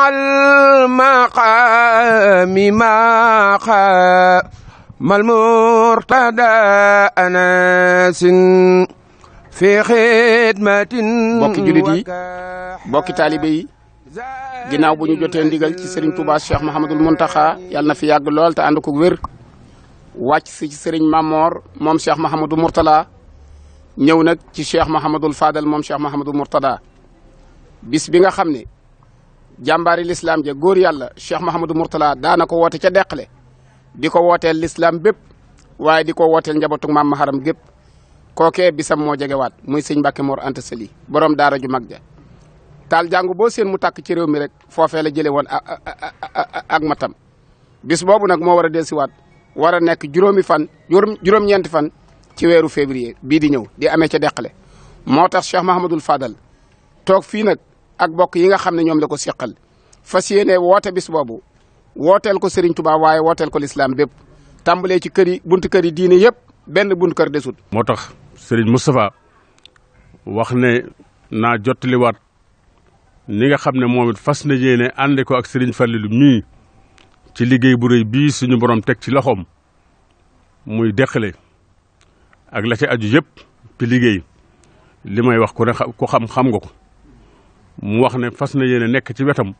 واجعل مقامي مقام المرتدى أناس في خدمة mbokki jullit yi mbokki taalibe yi ginnaaw bu ñu jotee ndigal ci Serigne Touba Cheikh Mouhamadul Mountakha yàlla na fi yàgg lool te ànd ko wér wàcc si ci Serigne Mamor moom Cheikh Mouhamadou Mourtala ñëw nag ci Cheikh Mouhamadul Fadal moom Cheikh Mouhamadou Mourtada bis bi nga xam ne. jàmbaari lislaam ja góor yàlla Cheikh Mahamadou Mourtala daana ko woote ca deqale di ko wooteel lislaam bépp waaye di ko wooteel njabootug maam maharam gépp kookee bisam moo jegewaat muy sëñ Mbàkke Mor Anta Sali borom daara ju mag ja taal jàngu boo seen mu tàkk ci réew mi rek foofee la jële woon ak matam bis boobu nag moo war a delsiwaat war a nekk juróomi fan juróom-ñeenti fan ci weeru février bii di ñëw di amee ca deqale moo tax Cheikh Mahamadul Fadal toog fii ak bokk yi nga xam ne ñoom la ko seqal fas yéene woote bis boobu wooteel ko sëriñ Touba waaye wooteel ko lislaam bépp tàmbalee ci kër yi buntu kër yi diine yëpp benn buntu kër desut. moo tax Serigne Moustapha wax ne naa jottaliwaat ni nga xam ne moomit fas na yéene ànd ko ak Serigne Fallilou mii ci liggéey bu rëy bii suñu borom teg ci loxoom muy deqale ak la ca aju yëpp liggéey li may wax ko ne ko xam xam nga ko. mu wax ne fas na yéene nekk ci wetam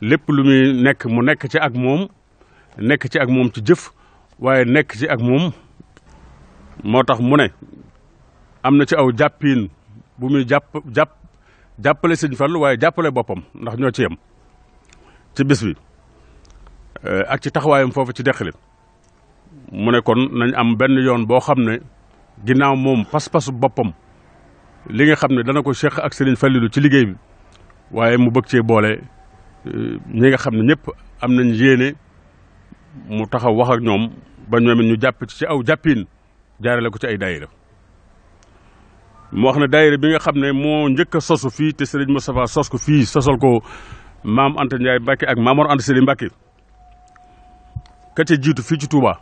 lépp lu muy nekk mu nekk ci ak moom nekk ci ak moom ci jëf waaye nekk ci ak moom moo tax mu ne am na ci aw jàppiin bu muy jàpp jàpp jàppale sëñ Fallu waaye jàppale boppam ndax ñoo ci yem ci bis bi eh, ak ci taxawaayam foofu ci deqali mu ne kon nañ am benn yoon boo xam ne ginnaaw moom pas-pasu boppam li nga xam ne dana ko Cheikh ak Serigne Fallilou ci liggéey bi waaye mu bëgg cee boole euh, ñi nga xam ne ñëpp am nañ yéene mu taxaw wax ak ñoom ba ñoom ñu jàpp ci aw jàppiin jaarale ko ci ay daayira mu wax ne daayira bi nga xam ne moo njëkk a sosu fii te Serigne Moustapha sos ko fii sosal ko maam Anta Ndiaye Mbacke ak Mamor Anta Sali Mbacke ka ci jiitu fii ci Touba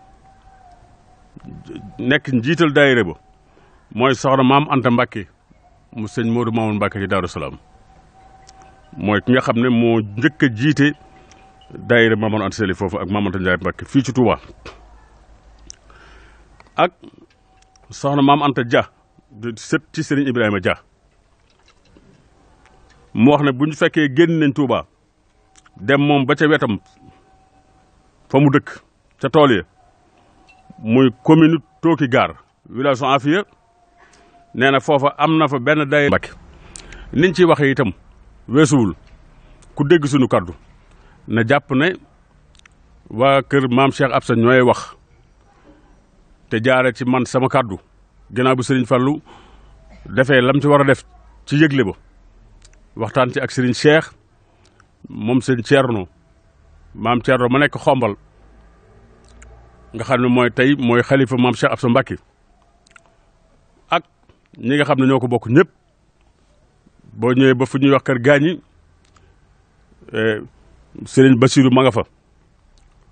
nekk njiital daayira ba mooy soxna maam Anta Mbacke. mu sëñ Modou Mamoun Mbacke ci Darou Salaam mooy ki nga xam ne moo njëkk a jiite daayira Mamoun Anta Sali foofu ak Mamoun Ndiaye Mbacke fii ci Touba ak soxna maam Anta Dia sët ci sëriñ Ibrahima Dia mu wax ne bu ñu fekkee génn nañ Touba dem moom ba ca wetam fa mu dëkk ca tool ya muy commune Tooki Gaar village en nee na foofa am na fa benn day Mbàkke niñ ciy waxee itam weesuwul ku dégg suñu kàddu na jàpp na waa kër maam ab Absa ñooy wax te jaare ci man sama kàddu ginnaaw bu sëriñ Fallou defee lam ci war a def ci yëgle ba waxtaan ci ak sëriñ Cheikh moom seen Thierno maam Thierno ma nekk xombal nga xam ne mooy tey mooy xalifa maam ab sa Mbàkke ñi nga xam ne ñoo ko bokk ñépp boo ñëwee ba fu ñuy wax kër gaañi e, sëriñ Basiru ma fa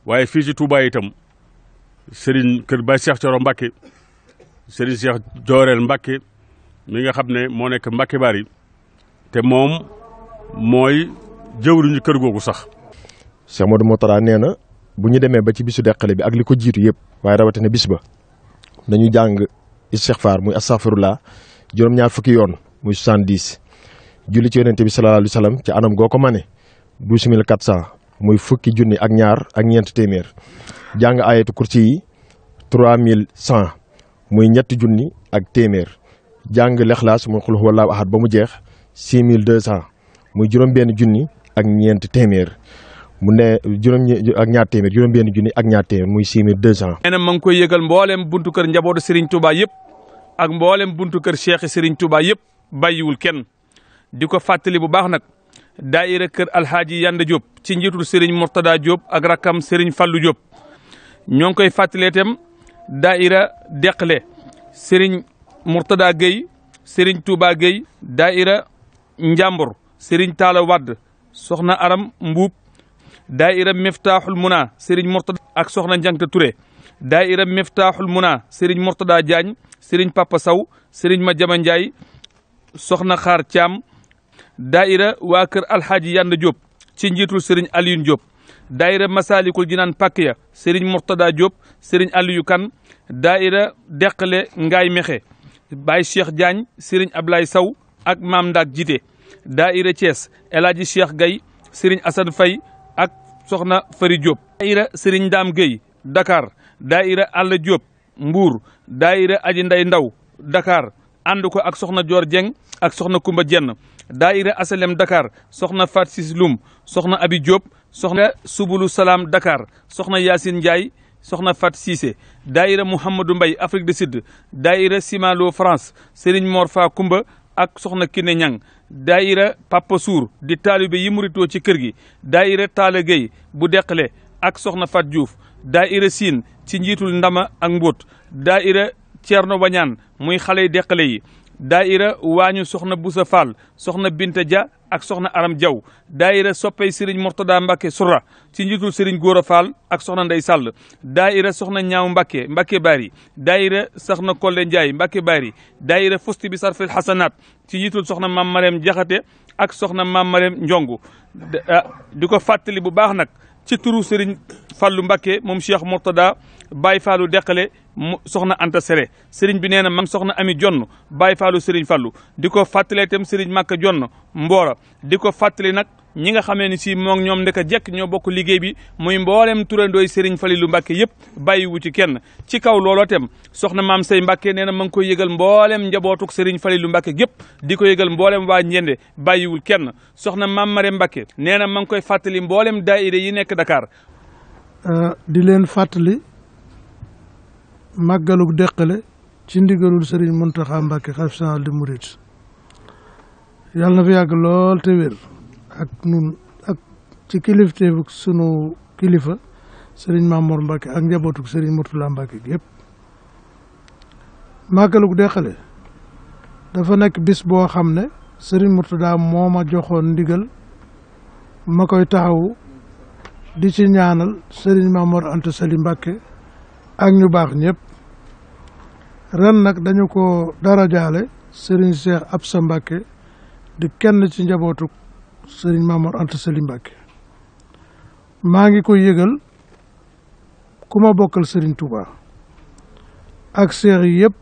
waaye fii ci Touba itam sëriñ kër Baye Cheikh Coro Mbacke sëriñ Cheikh Jooreel Mbacke mi nga xam ne moo nekk baar yi te moom mooy jëwriñu kër googu sax. Cheikh Modou Moutara nee na bu ñu demee ba ci bisu deqale bi ak li ko jiitu yëpp waaye rawatina bis ba dañu jàng. istixfaar muy astaghfirullah juróom-ñaar fukki yoon muy 70 julli ci yonente bi sallallahu alayhi wa ci anam goo ko mane 12400 muy fukki junni ak ñaar ak ñeent téeméer jàng ayatu kursi yi cent muy ñetti junni ak téeméer jàng lexlaas muy xul huwallaahu ahad ba mu jeex 6200 muy juróom benn junni ak ñeent téeméer mu ne juróom ak ñaar téeméer juróom junni ak ñaar téeméer muy six mille deux cent. nee na ma ngi koy yëgal mboolem buntu kër njabootu Serigne Touba yëpp ak mboolem buntu kër Cheikh Serigne Touba yëpp bàyyiwul kenn di ko fàttali bu baax nag daayira kër Alhaaji Yanda Diop ci njiitul Serigne Mourtada Diop ak rakkam Serigne Fallou Diop. ñoo ngi koy fàttalee itam daayira Deqale Serigne Mourtada Gueye Serigne Touba Gueye daayira Njàmbur Serigne Talla Wadd soxna Aram Mbuub. daayira Miftaaxul Muna Serigne Mourtada ak Soxna Njangta Touré daayira Miftaaxul Muna Serigne Mourtada Diagne Serigne Papa Sow Serigne Madiama Ndiaye Soxna Xaar Thiam daayira waa kër Alxaaji Yand Diop ci njiitul Serigne Alioune Diop daayira Masaalikul Jinaan Pàkk ya Serigne Mourtada Diop Serigne Aliou Kane daayira Deqale Ngaay Mexe Baye Cheikh Diagne Serigne Ablaye saw ak Maam Ndaak Jité daayira Thiès El Hadji Cheikh Gaye Serigne Assane soxna Fari Diop. daayira Serigne Dame Gueye Dakar daayira Alla Diop Mbour daayira Aji Nday Ndaw Dakar ànd ko ak soxna Dior Dieng ak soxna Kumba Jenn daayira Asalem Dakar soxna Fat Sis soxna Abi Diop soxna Subulu Salaam Dakar soxna Yacine Ndiaye soxna Fat Cissé daayira Mouhamadou mbay Afrique du Sud daayira Simalo France Serigne Morfa Kumba ak soxna Kiné Niang daayira Papa Sour di taalibe yi muritoo ci kër gi daayira Taala Gueye bu deqale ak soxna Fat Diouf daayira Siin ci njiitul Ndama ak Mbóot daayira na Wañaan muy xaley deqale yi daayira waañu soxna Busa Fall soxna Binta Dia ak soxna Aram Diaw daayira soppey Serigne Mortada Mbacke Sura ci njiitul sëriñ Gora Fall ak soxna Ndey Sall daayira soxna Ñaaw Mbacke Mbacke Bari daayira na Kolle Ndiaye Mbacke Bari daayira fusti bi sarfil xasanaat ci jiitul soxna maam Marème Jaxate ak soxna maam Marème Njongu ah, di ko fàttali bu baax nag ci turu Serigne Fallou Mbacké moom Cheikh Mourtada Baye falu Deqale mu soxna Anta Sere sëriñ bi nee na mag soxna Ami Jonn Baye Fallou sëriñ Fallou di ko fàttalee itam sëriñ Màkka Jonn Mboora di ko fàttali nag ñi nga xamee ni si moom ñoom ndeka jekk ñoo bokk liggéey bi muy mboolem turandooy Serigne Falilou Mbacke yëpp bàyyiwu ci kenn ci kaw looloo tem soxna maam sey Mbacke nee na ma ngi koy yëgal mboolem njabootuk Serigne Falilou Mbacke yëpp di ko yëgal mboolem waa Njende bàyyiwul kenn soxna maam Mare Mbacke nee na ma ngi koy fàttali mboolem daayira yi nekk Dakar. Euh, di leen fàttali màggalug deqale ci ndigalul Serigne Mountakha Mbacké xalifa général des mourides yàlla na fi yàgg lool te wér ak nun ak ci kilifteefu sunu kilifa Serigne Mamour Mbacké ak njabootug Serigne Mourtala Mbacké yëpp màggalug deqale dafa nekk bis boo xam ne Serigne Mourtala moo ma joxoon ndigal ma koy taxawu di ci ñaanal Serigne Mamour Anta Sali Mbacké ak ñu baax ñëpp ren nag dañu ko dara jaale Serigne Cheikh Absa Mbacke di kenn ci njabootu Serigne Mamour Anta Sali mbake maa ngi ko yëgal ku ma bokkal Serigne Touba ak seex yi yëpp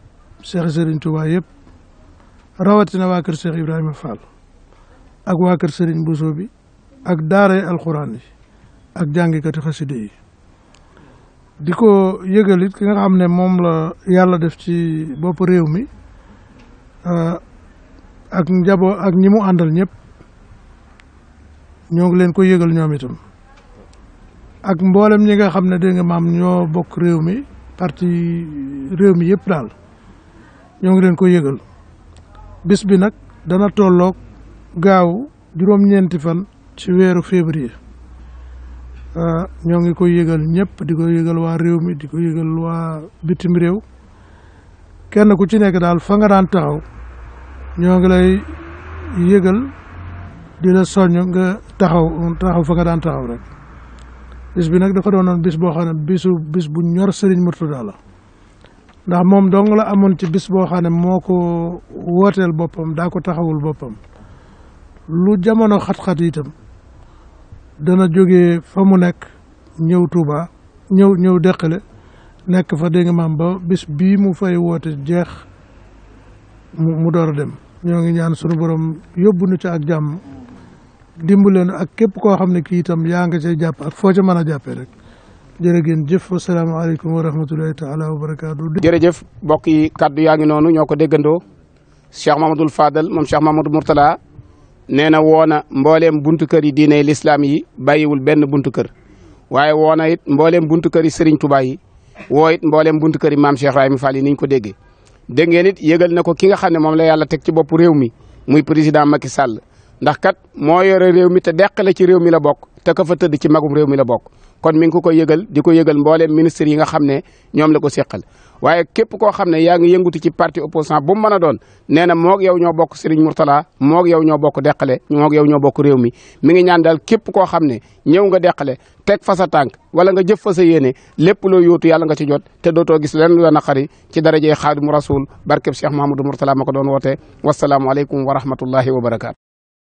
seex Serigne Touba yëpp rawatina waa kër Cheikh Ibrahima Fall ak waa kër Serigne bi ak daaray alxuraan yi ak jàngikati xaside yi di ko yëgalit ki nga xam ne moom la yàlla def ci bopp réew mi eh, ak njabo ak ñi mu àndal ñëpp ñoo ngi leen ko yëgal ñoom itam ak mboolem ñi nga xam ne dégg nga maam ñoo bokk réew mi parti réew mi yëpp daal ñoo ngi leen ko yëgal bis bi nag dana tollook gaaw juróom-ñeenti fan ci weeru février Ah, ñoo ngi koy yëgal ñépp di ko yëgal waa réew mi di ko yëgal waa bitim réew kenn ku ci nekk daal fa nga daan taxaw ñoo ngi lay yëgal di la soññ nga taxaw taxaw fa nga daan taxaw rek bis bi nag dafa doonoon bis boo xam ne bisu bis bu ñor Serigne Mourtada la ndax moom dong la amoon ci bis boo xam ne moo ko wooteel boppam daa ko taxawul boppam lu jamono xat-xat itam dana jóge fa mu nekk ñëw Touba ñëw ñëw deqale nekk fa dégg nga maam ba bis bii mu fay woote jeex mu mu door a dem ñoo ngi ñaan sunu borom yóbbu nu ci ak jàmm leen ak képp koo xam ne kii itam yaa ngi cay jàpp ak foo ca mën a jàppee rek jërëgéen jëf wasalaamaaleykum wa rahmatullahi taala wa barakaatu jërëjëf mbokk yi kàddu yaa ngi noonu ñoo ko déggandoo Cheikh Mamadou Fadal moom Cheikh Mamadou Mourtala nee na woo na mbooleem buntu kër yi diiney lislaam yi bàyyiwul benn buntu kër waaye woo na it mbooleem buntu kër yi Serigne Touba yi woo it mbooleem buntu kër yi maam Cheikh Ibrahima Fall yi ni ko dégge dégg ngeen it na ko ki nga xam ne moom la yàlla teg ci boppu réew mi muy président Macky sàll ndax kat moo yore réew mi te deqale ci réew mi la bokk te ka fa tëdd ci magum réew mi la bokk. kon mi ngi ko koy yëgal di ko yëgal mbooleem ministre yi nga xam ne ñoom la ko seqal waaye képp koo xam ne yaa ngi yëngutu ci parti opposant bu mu mën a doon nee na moog yow ñoo bokk Serigne Mourtala moog yow ñoo bokk deqale moog yow ñoo bokk réew mi mi ngi ñaan daal képp koo xam ne ñëw nga deqale teg fa sa tànk wala nga jëf fa sa yéene lépp loo yóotu yàlla nga ci jot te dootoo gis lenn la naqari ci darajee xaadimu rasul barkeb Cheikh Mahamadou Mourtala ma ko doon woote wasalaamualeykum wa rahmatullahi wa barakaatu